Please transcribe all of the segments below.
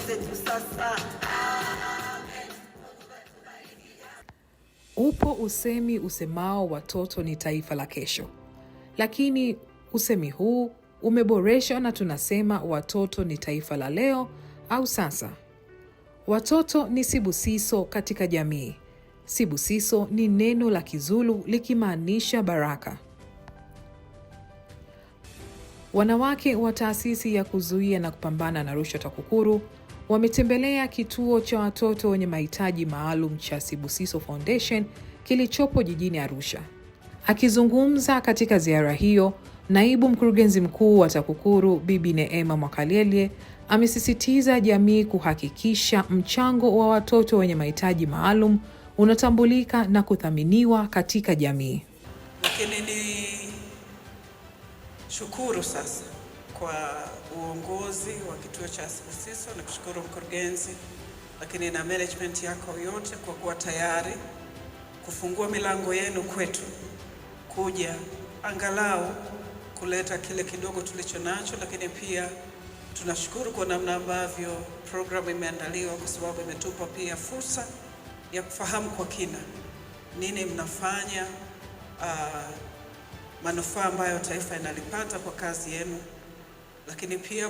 zetu sasa. Upo usemi usemao watoto ni taifa la kesho, lakini usemi huu umeboreshwa na tunasema watoto ni taifa la leo au sasa. Watoto ni sibusiso katika jamii. Sibusiso ni neno la Kizulu likimaanisha baraka. Wanawake wa taasisi ya kuzuia na kupambana na rushwa TAKUKURU wametembelea kituo cha watoto wenye mahitaji maalum cha Sibusiso Foundation kilichopo jijini Arusha. Akizungumza katika ziara hiyo, naibu mkurugenzi mkuu wa TAKUKURU Bibi Neema Mwakalelye amesisitiza jamii kuhakikisha mchango wa watoto wenye mahitaji maalum unatambulika na kuthaminiwa katika jamii. Lakini ni shukuru sasa kwa uongozi wa kituo cha Siso. kushukuru mkurugenzi, lakini na management yako yote kwa kuwa tayari kufungua milango yenu kwetu kuja angalau kuleta kile kidogo tulicho nacho, lakini pia tunashukuru kwa namna ambavyo programu imeandaliwa, kwa sababu imetupa pia fursa ya kufahamu kwa kina nini mnafanya, uh, manufaa ambayo taifa inalipata kwa kazi yenu lakini pia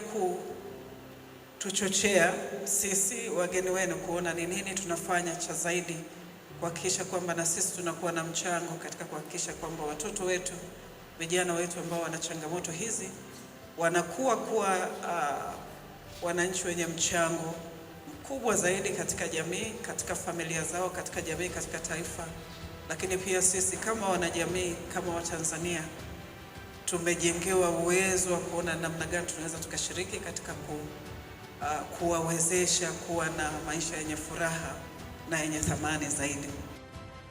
kutuchochea sisi wageni wenu kuona ni nini tunafanya cha zaidi kuhakikisha kwamba na sisi tunakuwa na mchango katika kuhakikisha kwamba watoto wetu, vijana wetu ambao wana changamoto hizi wanakuwa kuwa uh, wananchi wenye mchango mkubwa zaidi katika jamii, katika familia zao, katika jamii, katika taifa, lakini pia sisi kama wanajamii, kama Watanzania tumejengewa uwezo wa kuona namna gani tunaweza tukashiriki katika ku, uh, kuwawezesha kuwa na maisha yenye furaha na yenye thamani zaidi.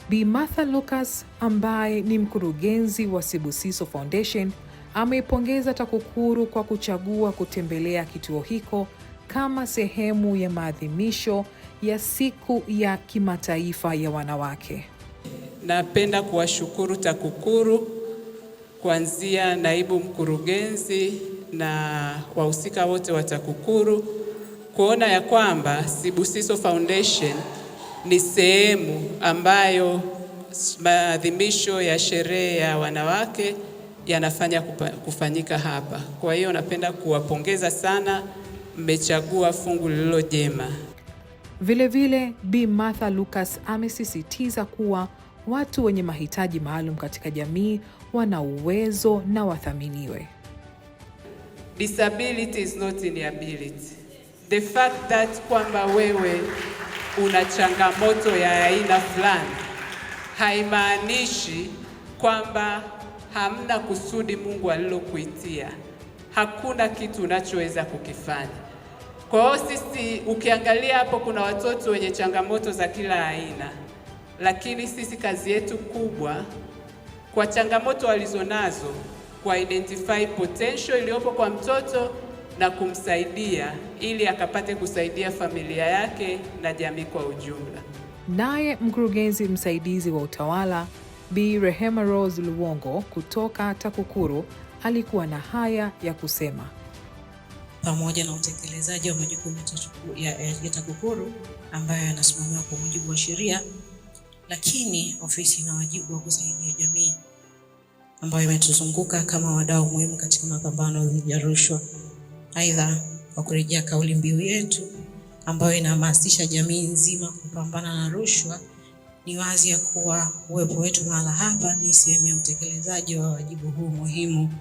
Bi Martha Lucas ambaye ni mkurugenzi wa Sibusiso Foundation ameipongeza TAKUKURU kwa kuchagua kutembelea kituo hiko kama sehemu ya maadhimisho ya Siku ya Kimataifa ya Wanawake. Napenda kuwashukuru TAKUKURU kuanzia naibu mkurugenzi na wahusika wote wa TAKUKURU kuona ya kwamba Sibusiso Foundation ni sehemu ambayo maadhimisho ya sherehe ya wanawake yanafanya kufanyika hapa. Kwa hiyo napenda kuwapongeza sana, mmechagua fungu lililo jema. Vilevile Bi Martha Lucas amesisitiza kuwa watu wenye mahitaji maalum katika jamii wana uwezo na wathaminiwe. Disability is not inability. The fact that kwamba wewe una changamoto ya aina fulani haimaanishi kwamba hamna kusudi Mungu alilokuitia. Hakuna kitu unachoweza kukifanya. Kwa hiyo sisi, ukiangalia hapo, kuna watoto wenye changamoto za kila aina lakini sisi kazi yetu kubwa kwa changamoto walizonazo kwa identify potential iliyopo kwa mtoto na kumsaidia ili akapate kusaidia familia yake na jamii kwa ujumla. Naye mkurugenzi msaidizi wa utawala Bi Rehema Rose Luwongo kutoka TAKUKURU alikuwa na haya ya kusema. Pamoja na utekelezaji wa majukumu ya TAKUKURU ambayo yanasimamiwa kwa mujibu wa sheria lakini ofisi ina wajibu wa kusaidia jamii ambayo imetuzunguka kama wadau muhimu katika mapambano dhidi ya rushwa, aidha kwa kurejea kauli mbiu yetu ambayo inahamasisha jamii nzima kupambana na rushwa. Ni wazi ya kuwa uwepo wetu mahala hapa ni sehemu ya utekelezaji wa wajibu huu muhimu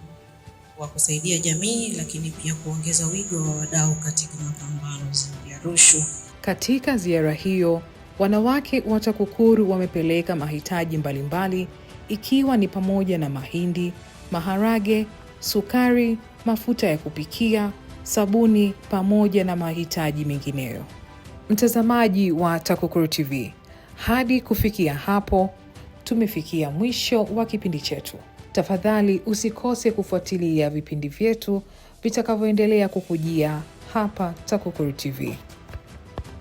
wa kusaidia jamii, lakini pia kuongeza wigo wa wadau katika mapambano dhidi ya rushwa. Katika ziara hiyo Wanawake wa TAKUKURU wamepeleka mahitaji mbalimbali ikiwa ni pamoja na mahindi, maharage, sukari, mafuta ya kupikia, sabuni pamoja na mahitaji mengineyo. Mtazamaji wa TAKUKURU TV, hadi kufikia hapo tumefikia mwisho wa kipindi chetu. Tafadhali usikose kufuatilia vipindi vyetu vitakavyoendelea kukujia hapa TAKUKURU TV.